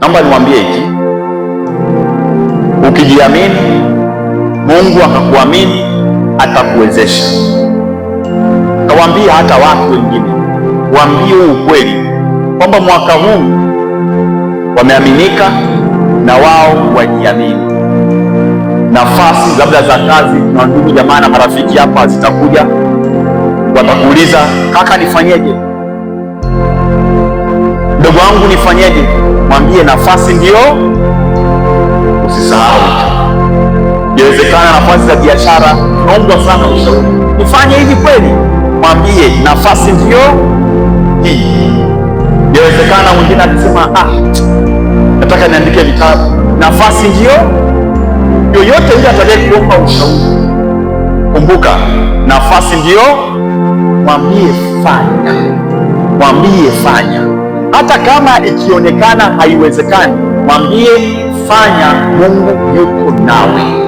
Naomba niwaambie hiki, ukijiamini, Mungu akakuamini, atakuwezesha. Kawaambie hata watu wengine, waambie huu ukweli kwamba mwaka huu wameaminika na wao wajiamini. Nafasi labda za kazi na ndugu jamaa na marafiki hapa zitakuja, watakuuliza kaka, nifanyeje? Ndugu wangu, nifanyeje? mwambie nafasi ndio usisahau. Inawezekana nafasi za biashara, naomba sana ushauri nifanye hivi kweli, mwambie nafasi ndio hii. inawezekana mwingine akisema ah, nataka niandike vitabu, nafasi ndio yoyote ile atakaye kuomba ushauri, kumbuka nafasi ndio, mwambie fanya, mwambie fanya hata kama ikionekana haiwezekani, mwambie fanya, Mungu yuko nawe.